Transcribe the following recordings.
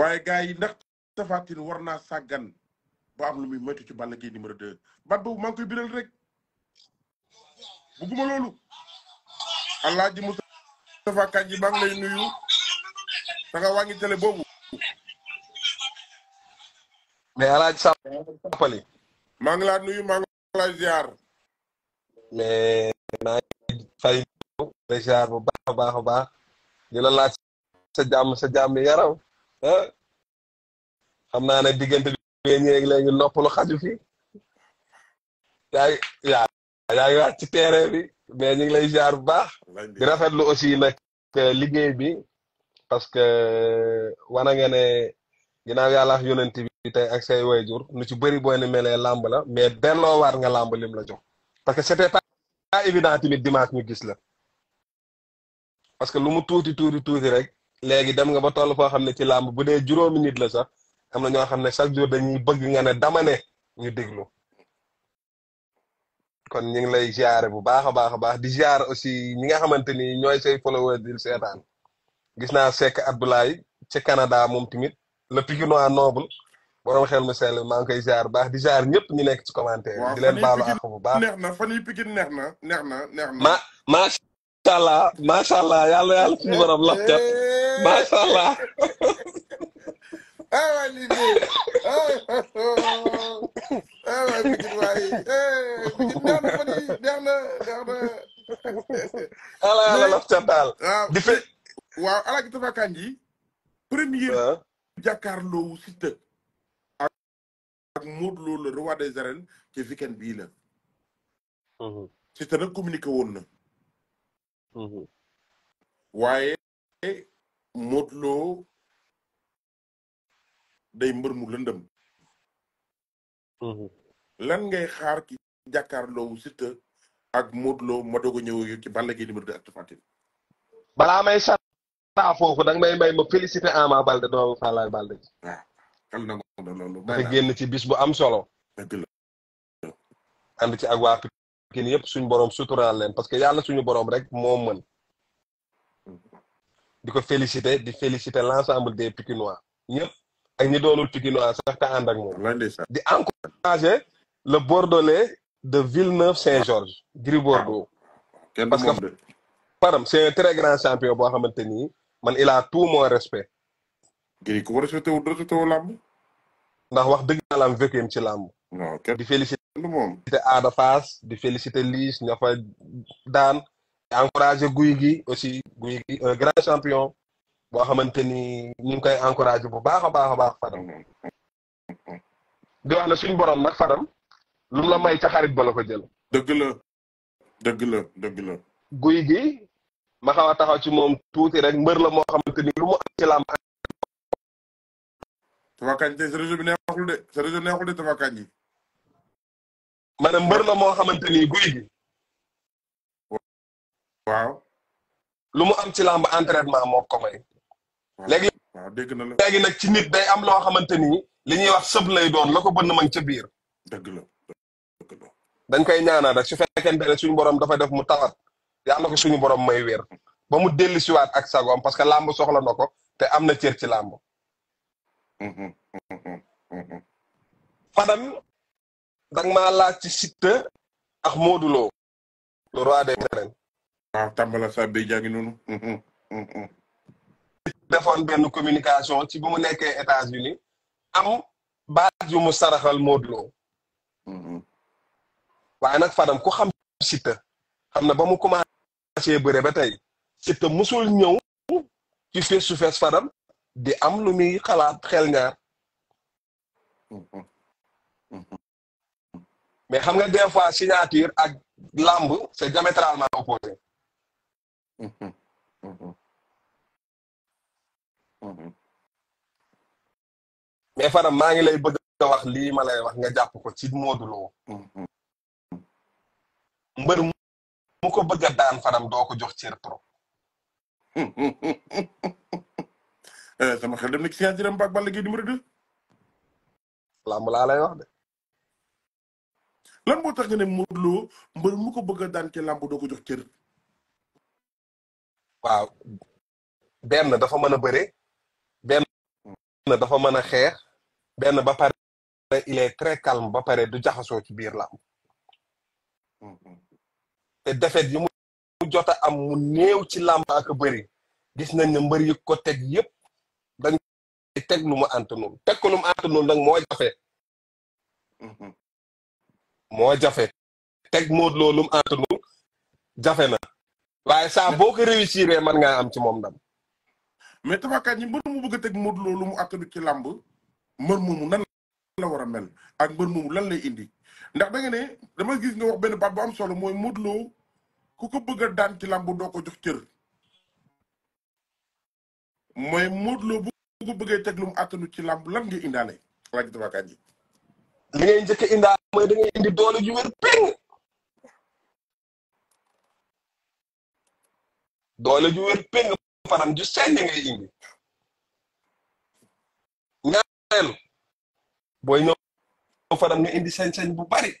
waaye gars yi ndax Tapha Tine war naa ba am lu muy moytu ci Balla Gaye numéro 2 bat boobu maa ngi koy biral rek bugguma loolu Alaaji Moustapha Kandji maa ngi lay nuyu da nga wàññi télé boobu mais Alaaji Sàppali maa ngi laa nuyu maa ngi baax a baax a la laaj sa jàmm sa jàmm yaram ah xam naa ne diggante bi ñeegi léegi noppalu xaju fi yaay ngi ci terrain bi mais ñu ngi lay jaar bu baax di rafetlu aussi nag euh, liggéey bi parce que euh, wana nga ne ginnaaw yàlla ak yonent bi tey ak say wayjur nu ci bari boo ne melee làmb la mais delloo waar nga làmb lim la jox parce que c'était pas évident tamit dimanche ñu gis la parce que lu mu tuuti tuuti tuuti rek léegi dem nga ba toll foo xam ne ci làmb bu dee juróomi nit la sax am na ñoo xam ne chaque jour dañuy bëgg nga ne dama ñu déglu kon ñu ngi lay ziare bu baax a baax a baax di ziare aussi ñi nga xamante ni ñooy say followers di seetaan gis naa Seck Abdoulaye ci Canada moom tamit le Pikinois noble borom xel mu sell maa ngi koy ziare baax di ziare ñëpp ñu nekk ci commentaire di leen baalu àq bu baax neex na fan yii Pikine neex na neex na neex na. ma macha allah macha allah yàlla yàlla suñu borom laf cat eh. allah. ah waay lii de ah waay Pikine waay Pikine neex na fan yii neex na neex na. ala ala la ca daal. di fe waaw ala gi Tapha Kandji yi. premier. jàkkaarloo Siteu ak Modou Lo le roi des arènes ci weekend bii la. Siteu nag communiqué woon na. waaye Modou Lo. day mbër mu lëndëm mhm. lan ngay xaar ci jàkkaarloowu Siteu ak Modou Lo ma doog a ci Balla gi numéro 2 ak Tapha bala balaa may sara fofu dang may may ma féliciter Ama Balde do fa la Balde na ko na loolu ba génn ci bis bu am solo and ci ak wa Pikine yëpp suñu borom sutural leen parce que yalla suñu borom rek mo meun mhm. diko féliciter di féliciter l'ensemble des Pikinois ñepp ay ñi doonul Tikinois sax ta and ak moom. di encourager le Bordelais de Villeneuve-Saint-Georges. Gri ah. Bordeaux. parce que param c'est un très grand champion bo xamanteni man il a tout mon respect. gri ko respecté wu respecté wu lamb ndax wax deug naa la am vécu ci lamb di féliciter monde di Ada Fass di féliciter lise ñafa dan encourager guigui aussi guigui un grand champion. boo xamante ni ñu ngi koy encouragé bu baax a baax a baax Fadam. di wax ne suñu borom nag Fadam lu la may ca xarit ba la jël. dëgg la dëgg la dëgg la. guy gi ma xaw a taxaw ci moom tuuti rek mbër la moo xamante ni lu mu am ci làmb. tafakañ te sa réseau bi neexul de sa réseau neexul de tafakañ yi. maanaam mbër la moo xamante ni guy gi. waaw. lu mu am ci làmb entraînement moo ko may. léegi ah, dégg na la léegi nag ci nit day am loo xamante ni li ñuy wax sëb lay doon la ko na man ca biir. dëgg la dëgg dañ koy ñaanal rek su fekkente ne suñu borom dafa def mu tawat yàlla ko suñu borom may wér ba mu dellu siwaat ak sagoom parce que làmb soxla na ko te am na cër ci làmb. Mm-hmm, mm-hmm, mm-hmm. Fadam danga maa laaj ci Siteu ak Modou Lo. le roi des arènes. waaw tàmbala sa bi jaa defoon benn communication ci bu mu nekkee États-Unis am baa yu mu saraxal Modou mm-hmm. waaye nag Fadam ku xam Siteu xam na ba mu commencé bëre ba tey Siteu musul ñëw ci fees su fees Fadam di am lu muy xalaat xel ñaar mm-hmm. Mm-hmm. mais xam nga defois fois signature ak làmb c'est diamétralement opposé Mhm. mais Fadam maa ngi lay bëgg a wax lii lay wax nga jàpp ko ci Modou Lo. Mhm. mbër mu ko bëgg daan Fadam doo ko jox cër trop. Eh, sama xel dem na ci Diram Pape Balla Gaye numéro 2. lamb laa lay wax de. lan moo tax nga ne Modou mbër mu ko bëgg daan ci lamb doo jox cër. waaw benn dafa mën a bëre. na dafa mën a xeex benn ba pare il est très calme ba pare du jaxasoo ci biir làmb mm-hmm. te defet yi mu jot a am mu néew ci làmb ak bëri gis nañ ne mbër yi ko teg yëpp dañ teg lu mu antanul teg ko lu mu antanul nag moo jafe mm-hmm. moo jafe teg Modou Lo lu mu jafe na waaye saa boo ko réussir man nga am ci moom dam mais Tapha Kandji mbër mu bëgg a teg Modou Lo lu mu attanu ci làmb mbër moomu nan la war a mel ak mbër moomu lan lay indi ndax da ne dama gis nga wax benn baat bu am solo mooy Modou Lo ku ko bëgg a ci làmb doo ko jox cër mooy Modou bëggee teg lu mu attanu ci làmb lan nga indaale laaj Tapha Kandji li ngay njëkk a indaale mooy da indi doole ju wér peng doole ju wér peng fanam ju sen ngay indi ñaareelu boy ñoo fanam ñu indi sen sen bu bari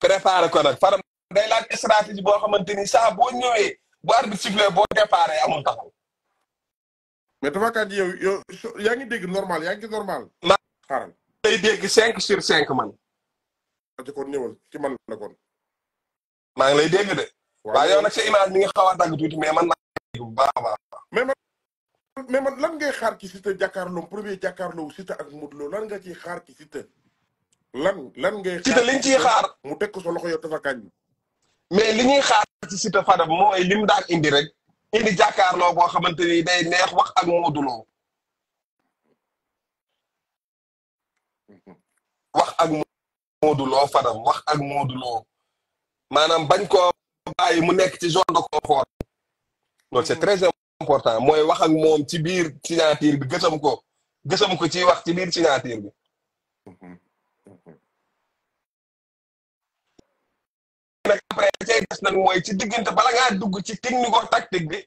préparé ko nak fanam day laaj stratégie bo xamanteni sa bo boo bu arbitre sifflé bo déparé amul taxaw mais dama ka di yow ya ngi dégg normal ya ngi normal xaram day dégg 5 sur 5 man ko ñewal ci man la kon ma ngi lay dégg de waaw yow iya. nag sa image mi ngi xaw a dagg tuuti mais man naa bu baax a baax. mais man mais man lan ngay xaar ci Siteu jàkkaarloo premier jàkkaarloo Siteu ak Modou Lo lan nga ciy xaar ci Siteu. lan lan ngay. Siteu liñ ciy xaar mu teg ko sa loxo yow kañ. mais li ñuy xaar ci mooy lim daan indi rek indi jàkkaarloo boo xamante ni day neex wax ak wax ak Fadam wax ak maanaam bañ koo bàyyi mu nekk ci zone de confort loolu c'est très important mooy wax ak moom ci biir signature bi gësam ko gësam ko ci wax ci biir signature bi mhm. Mhm. nag après cay des nag mooy ci diggante bala ngaa dugg ci technique tactique bi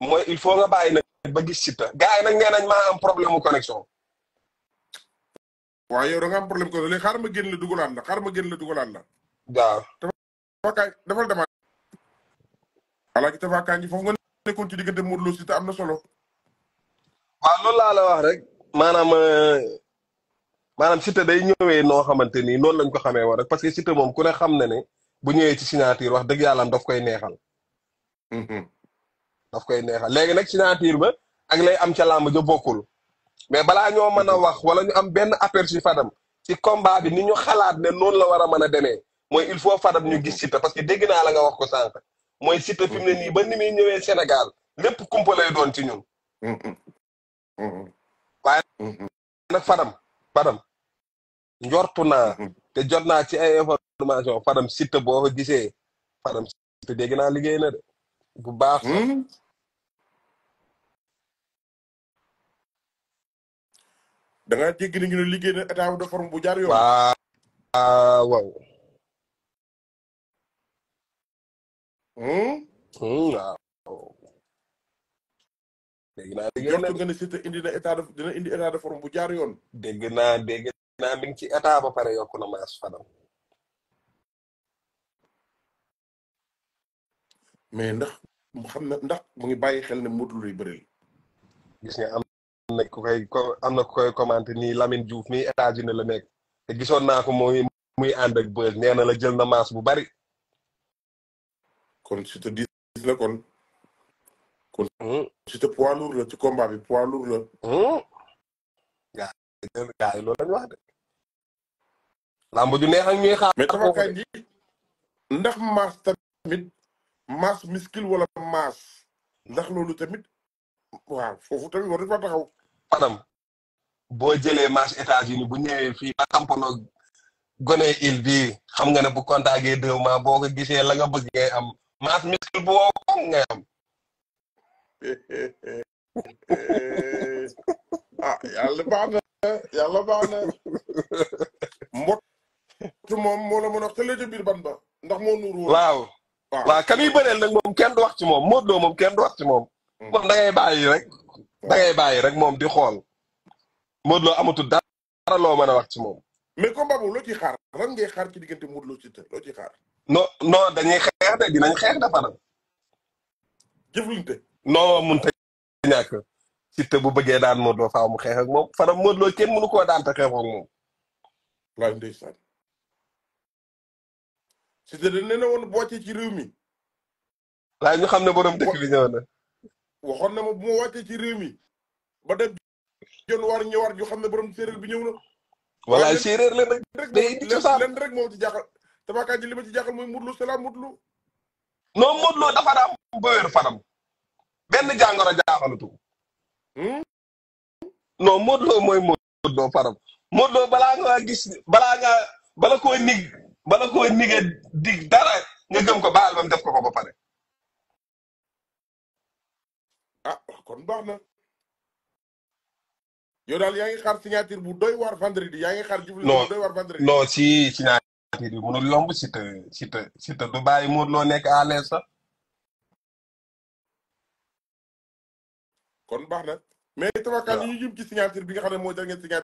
mooy il faut nga bàyyi nag ba gis sita gars yi nag nee nañ maa am problème connexion waaw yow da nga am problème ko léegi xaar ma génn la dugalaat la xaar ma génn la dugalaat la waaw dafa dafa alaaji Tapha Kandji foofu nga nekkoon ci diggante Modou Lo Siteu am solo. wa loolu la la wax rek manam manam cité day ñëwé no xamanteni non lañ ko xamé wa rek parce que cité mom ku ne xamna na ne bu ñëwé ci signature wax deug yalla daf koy neexal. daf koy neexal légui nak signature ba ak lay am ci lamb jo bokul mais bala ñoo mëna wax wala ñu am benn aperçu Fadam ci combat bi ni ñu xalaat ne non la wara mëna démé moy il faut Fadam ñu gis ci parce que dégg na la nga wax ko sank moy cité fi ni ba ni muy ñëwee Sénégal lépp kumpa lay doon ci ñun. Mm, mm, mm, waaye nag Fadam Fadam njortu naa. te jot naa ci ay information Fadam cité bo gisé gisee Fadam Siteu dégg na liggéey na dé bu baax. da nga dégg ni ñu ne liggéey na état de forme bu jaar yo waaw waaw. hum. waaw. dégg naa dégg naa nga ne na état bu jaar yoon. dégg ci état ba pare yokku na maas fanam. mais ndax xam na ndax mu ngi bàyyi xel ne Modou Lo gis nga am na ku koy am na ku koy commenté nii Lamine Diouf mii États-Unis la te gisoon naa ko mooy muy ànd ak bës na la jël na maas bu bari. kon Siteu kon. kon hmm. Siteu poids lourd la ci combat bi poids lourd la. gaa hmm. gaa yi loolu lañ wax de. làmb ju neex ak ñuy xaar. mais wala masse ndax loolu tamit waaw foofu tamit war nañu fa taxaw. maanaam boo jëlee masse États-Unis bu ñëwee fii ba tampono gone il bii xam nga ne bu contact deux mois boo ko gisee la nga am. maas muscle bu wow koŋ nga am ah yàlla baax na yàlla baax na mbot moom moo la mën a wax te biir ban ba ndax moo nuuru waaw waaw ka muy bëreel nag moom kenn du wax ci moom Modou Lo moom kenn wax ci moom mm. moom bàyyi rek da bàyyi rek moom di xool Modou Lo amatul dara loo mën a wax ci moom mais combat boobu loo ciy xaar lan ngay xaar ci diggante Modou loo ci te loo xaar non non dañuy xeex de dinañ xeex de Fadam. jëflante. non mënut a ñàkk. Siteu bu bëggee daan Modou Lo faaw mu xeex ak moom Fadam Modou Lo kenn mënu koo daan te xeexoo ak moom. waaw ndeysaan. Siteu ci réew mi. waaye ñu xam ne borom dëkk bi ñëw na. waxoon na ma bu ma ci réew mi. ba dem jon war ñëwaat ñu xam ne borom séeréer bi ñëw na. walaay séeréer leen rek. day indi cosaan Tapha Kandji li ma ci jaaxal mooy Modou Lo c'est la Modou non Modou Lo dafa am bëyër fanam benn jàngoro jaaxalatu ko. Hmm? non mudlu Lo mudlu Modou Lo faram Modou Lo nga gis balaa nga bala koo nig bala koo nige dig dara nga gëm ko baal bam def ko ko ba pare. ah kon baax na yow daal yaa ngi xaar signature bu doy waar vendredi yaa ngi xaar. doy waar vendredi non non si signature. affaire yi mënul si Siteu si Siteu du bàyyi Modou Lo nekk à l'aise sax. kon baax na mais tabakaan yi ñu jëm bi nga xam ne moo jar ngeen